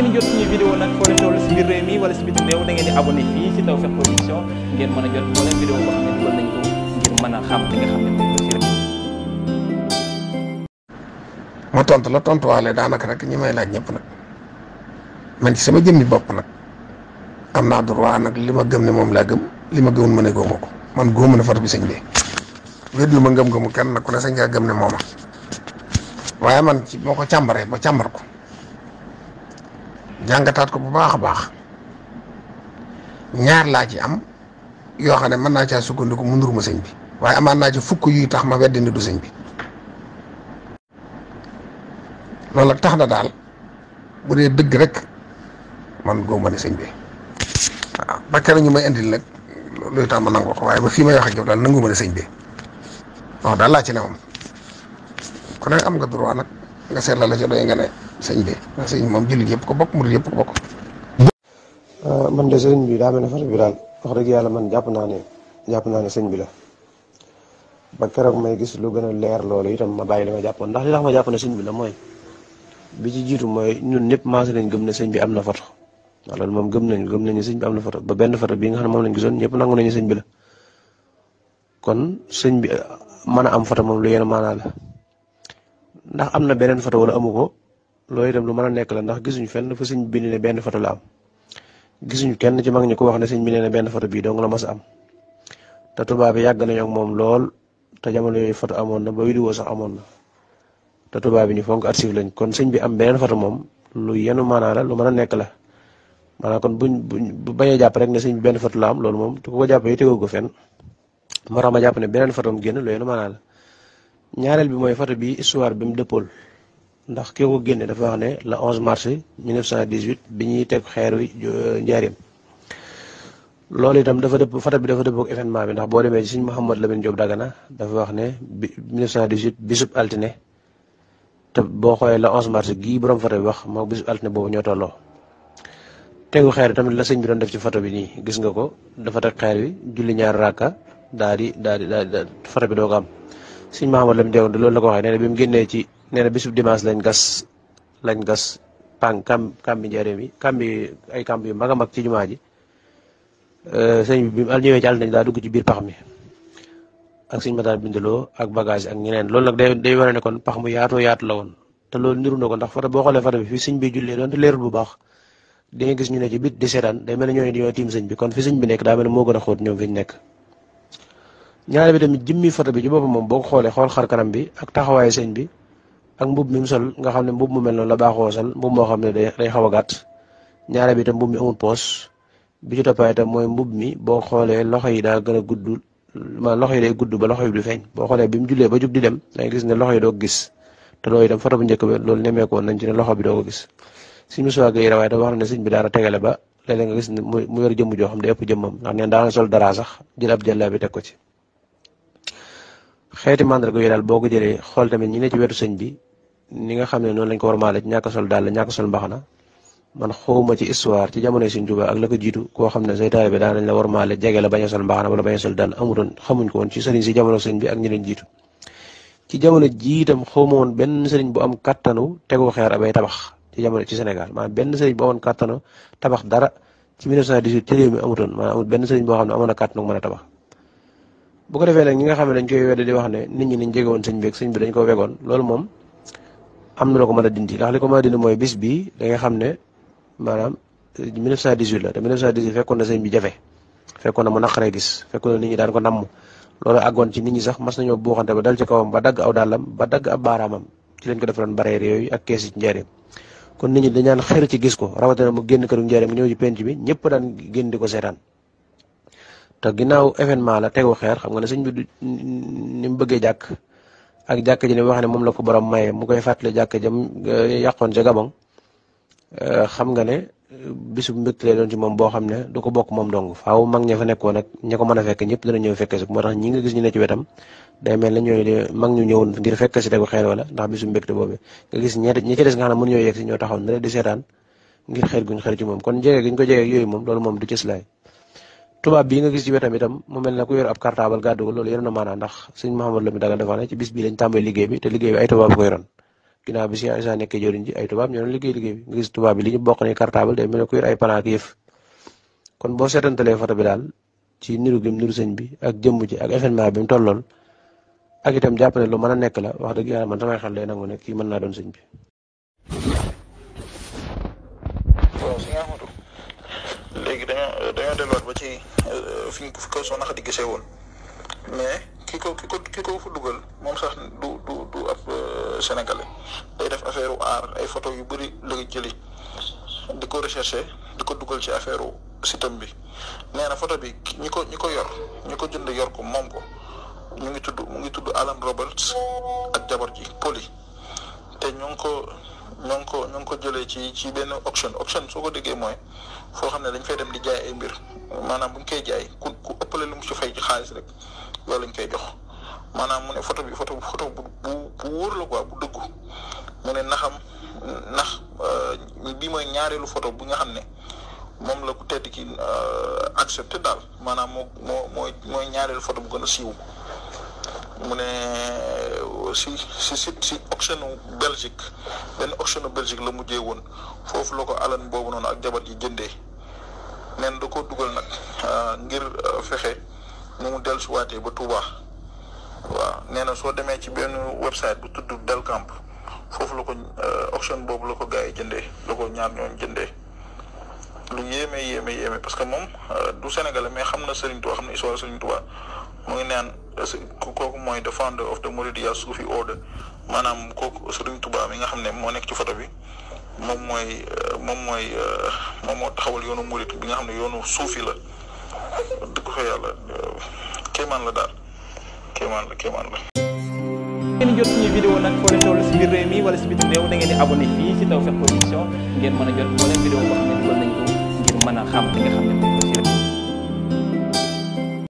ngeen jot suñu vidéo nag moo ne dugal tontu la tontuwaale daanaka rek ñi may laaj ñëpp nag man ci sama jëmmi bopp nag am naa droit nag li ma gëm ne moom laa gëm li ma gëmul ma ne góoma ko man góoma na fatu bi sëñ bi weddu ma ngëm-ngëmu kenn nag ku ne sañ ngaa gëm ne mooma waaye man ci moo ko ba càmbar ko jàngataat ko bu baax a baax ñaar laa ci am yoo xam ne mën naa caa sukkandiku mu ndur ma sëñ bi waaye amaan naa ci fukk yuy tax ma weddi ni du sëñ bi loolu tax na daal bu dee dëgg rek man góob ma ne sëñ bi waaw ñu may indil nag loolu tax ma ko waaye ba fii may wax ak yow daal nangu ma ne sëñ bi waaw daal laa ci ne moom ku am nga droit nag. nga seet la la ca doy nga ne sëñ bi ndax sëñ bi moom jullit yëpp ko bokk murit yëpp ko bokk. Ah, man de sëñ bi daa mel ne fas bi daal wax dëgg yàlla man jàpp naa ne jàpp naa ne sëñ bi la ba keroog may gis lu gën a leer loolu itam ma bàyyi li ma jàppoon ndax li tax ma jàpp ne sëñ bi la mooy bi ci jiitu mooy ñun ñëpp maase nañ gëm ne sëñ bi am na foto waaw moom gëm nañu gëm nañu sëñ bi am foto ba benn foto bii nga xam ne moom lañ gisoon ñëpp nangu nañu sëñ bi la kon sëñ bi mën a am foto moom lu yéen maanaa la ndax am na beneen photo wala amu ko loolu itam lu mën a nekk la ndax gisuñu fenn fa sëñ bi ne benn photo la am gisuñu kenn ci mag ñi ko wax ne sëñ bi ne benn photo bii dong la mas a am te tubaab yi yàgg nañoo ak moom lool te jamono yooyu photo amoon na ba vidéo sax amoon na te tubaab yi ñu fonk archive lañ kon sëñ bi am beneen photo moom lu yenu maanaa la lu mën a nekk la maanaam kon buñ buñ bañ a jàpp rek ne sëñ bi benn photo la am loolu moom te ku ko jàppee tegoo ko fenn moo tax ma jàpp ne beneen photo am génn lu yenu ñaareel bi mooy foto bi histoire bi mu dëppool ndax ke ko génne dafa wax ne le 11 mars 1918 bi ñuy teg xeer wi njaareem loolu itam dafa dëpp foto bi dafa dëppoo ak événement bi ndax boo demee ci sëñ Mouhamad Lamine Diop Dagana dafa wax ne bi 1918 bisub altine te boo xoolee la 11 mars gii borom photo bi wax moo bisub altine boobu ñoo tolloo tegu xeer tamit la sëñ bi doon def ci photo bi nii gis nga ko dafa teg xeer wi julli ñaar raaka daa di daa di daa di doo am suñ Mahamad Lam Diaw loolu la ko waxee nee na bi mu génnee ci nee na bisub dimanche lañ gas lañ gas pànk kam bi njëriñ yi kambi ay kambi yu mag a mag ci jumaa ji euh, sëñ bi bi ci àll nañ daa dugg ci biir pax mi ak suñ mataan bindaloo ak bagage ak ñeneen loolu nag day day kon pax mu yaatoo yaatu la woon te loolu niru na ko ndax foto boo xoolee foto bi fi sëñ bi jullee doon te leerul bu baax di nga gis ci bit di seetaan day mel ne tiim sëñ bi kon fi sëñ bi nekk daa mel ne moo a xóot ñoom fi nekk ñaare bi tam tamit jëmmi photo bi ci boppam moom boo ko xoolee xool xar bi ak taxawaay sëñ bi ak mbub mi mu sol nga xam ne mbub mu mel noonu la baaxoo sol mbub moo xam ne day day xaw a gàtt ñaare bi itam mbub mi amul poos bi ci toppaay itam mooy mbub mi boo xoolee loxo yi daa gën a gudd ma loxo yi gudd ba loxo yi du feeñ boo xoolee bi mu jullee ba jug di dem da ngay gis ne loxo gis te loolu itam photo bu njëkk loolu nemmeekoon nañ ne loxo bi doo ko gis suñ mosuwaag yi rawaay bi daara tegale ba léeg-léeg nga gis ne mu yor joo xam ne ëpp jëmmam ndax neen daana sol dara sax jël ab jàllaa bi teg ko ci xeeti màndarga yooyu daal boo ko jëlee xool tamit ñi ne ci wetu sëñ bi ni nga xam ne noonu lañ ko war maale ñàkk sol daal la ñàkk sol mbaxana man xawma ci histoire ci jamonoy Sëñ Tuubaa ak la ko jiitu koo xam ne say taalibe daan nañ la war maale jege la bañ a sol mbaxana wala a sol daal amutoon xamuñ ko woon ci ak ñi leen jiitu ci jamono jiitam itam xawma woon benn sëriñ bu am kattanu tegu xeer abay tabax ci jamono ci Sénégal maa benn sëriñ bu amoon kattanu tabax dara ci 1918 ci réew xam ne amoon na kàttanu mën a tabax bu ko defee nag ñi nga xam ne dañ koy wedde di wax ne nit ñi niñ jege woon sëñ bi dañ ko wegoon loolu moom am na la ko mën a dindi ndax li ko mën a dindi mooy bis bii da nga xam ne maanaam 1918 euh, la te 1918 fekkoon na sëñ bi jafe fekkoon na mu naqaree gis fekkoon na nit ñi daan ko namm loolu àggoon ci nit ñi sax mas nañoo buuxante ba dal ci kawam ba dagg aw dàllam ba dagg ab baaraamam ci lañ ko defaloon bareer yooyu ak kees yi ci kon nit ñi dañaan xër ci gis ko rawatina mu génn këru njëriñ ñëw ci penc bi ñëpp daan génn ko seetaan te ginnaaw événement la tegu xeer xam nga ne sëñ bi ni mu bëggee jàkk ak jàkk ji ni wax ne moom la ko borom maye mu koy fàttali jàkk jam eh, yàqoon ca Gabon eh, xam nga ne bisu boo xam ne du bokk moom dong faaw mag ña fa nekkoon ak ña a fekk ñëpp dana ñëw fekk si nga gis ne ci wetam day mel ñu ñëwoon ngir fekk si tegu xeer wala ndax bisu mbégte boobu nga gis ñe ñi ci ñoo yegg si ñoo taxaw ci moom kon jege giñ ko jege yooyu moom loolu moom du cëslaay tubaab bii nga gis ci wetam itam mu mel ne ab cartable gàddu ko loolu yéen na maanaa ndax sëñ Mouhamadou Lamine Dagana dafa ne ci bis bii lañ tàmbali liggéey bi te liggéey bi nga gis tubaab bi li ñu bokk ne cartable day ay panaak yëf kon boo seetantalee photo bi daal ci niru gim niru sëñ bi ak jëmm ci ak événement bi mu tolloon ak itam jàpp ne lu mën a nekk la wax dëgg a man samay xel day nangu ne kii mën naa doon sëñ bi ci euh, fi ko soo nax di gisee woon mais ki ko ki ko ki ko fa dugal moom sax du du du ab euh, sénégalais day def affaire aar ay photo yu bëri la jëli di ko recherché di ko dugal ci affaire sitam bi nee na photo bi ñi ko ñi ko yor ñi ko jënd yor ko moom ko ñu ngi tudd mu ngi tudd Alan Roberts ak jabar ji Polly te ñu ngi ko ñu ko jëlee ci ci benn auction auction soo ko déggee mooy foo xam ne dañ fay dem di jaay ay mbir maanaam bu ñu koy jaay ku ku ëppale lu mu ci fay ci xaalis rek loolu lañ koy jox maanaam mu ne photo bi photo photo bu bu wóor la bu dëggu naxam ndax euh, bii mooy ñaareelu photo bu nga xam ne moom la ku tedd ki euh, accepté daal maanaam moo moo mooy ñaareelu photo bu gën a siiw mu ne si si si si auction Belgique benn auction Belgique la mujjee woon foofu la ko alal boobu noonu ak jabar yi jëndee neen da ko dugal nag ah, ngir ah, fexe nu mu dellusiwaatee ba Touba waaw nee na soo demee ci benn website bu tudd camp foofu la ko auction ah, boobu la ko gars yi jëndee la ko ñaar ñoom jëndee lu yéeme yéeme yéeme parce que moom du Sénégalais mais xam na Serigne Touba xam na histoire Serigne Touba mu ngi parce que kooku mooy the founder of the Mouridiya Sufi order maanaam kooku Serigne tubaa mi nga xam ne moo nekk ci photo bi moom mooy euh, moom mooy euh, moom moo taxawal yoonu Mouride bi nga xam ne yoonu suufi la dëgg fa yàlla euh, kéemaan la daal kéemaan la kéemaan la. ngeen jot suñu vidéo nag foo leen si biir réew wala si bitim réew da ngeen di abonné fii si Tawfekh Production ngeen mën a jot moo leen vidéo boo xam ne mën a xam nga xam ne.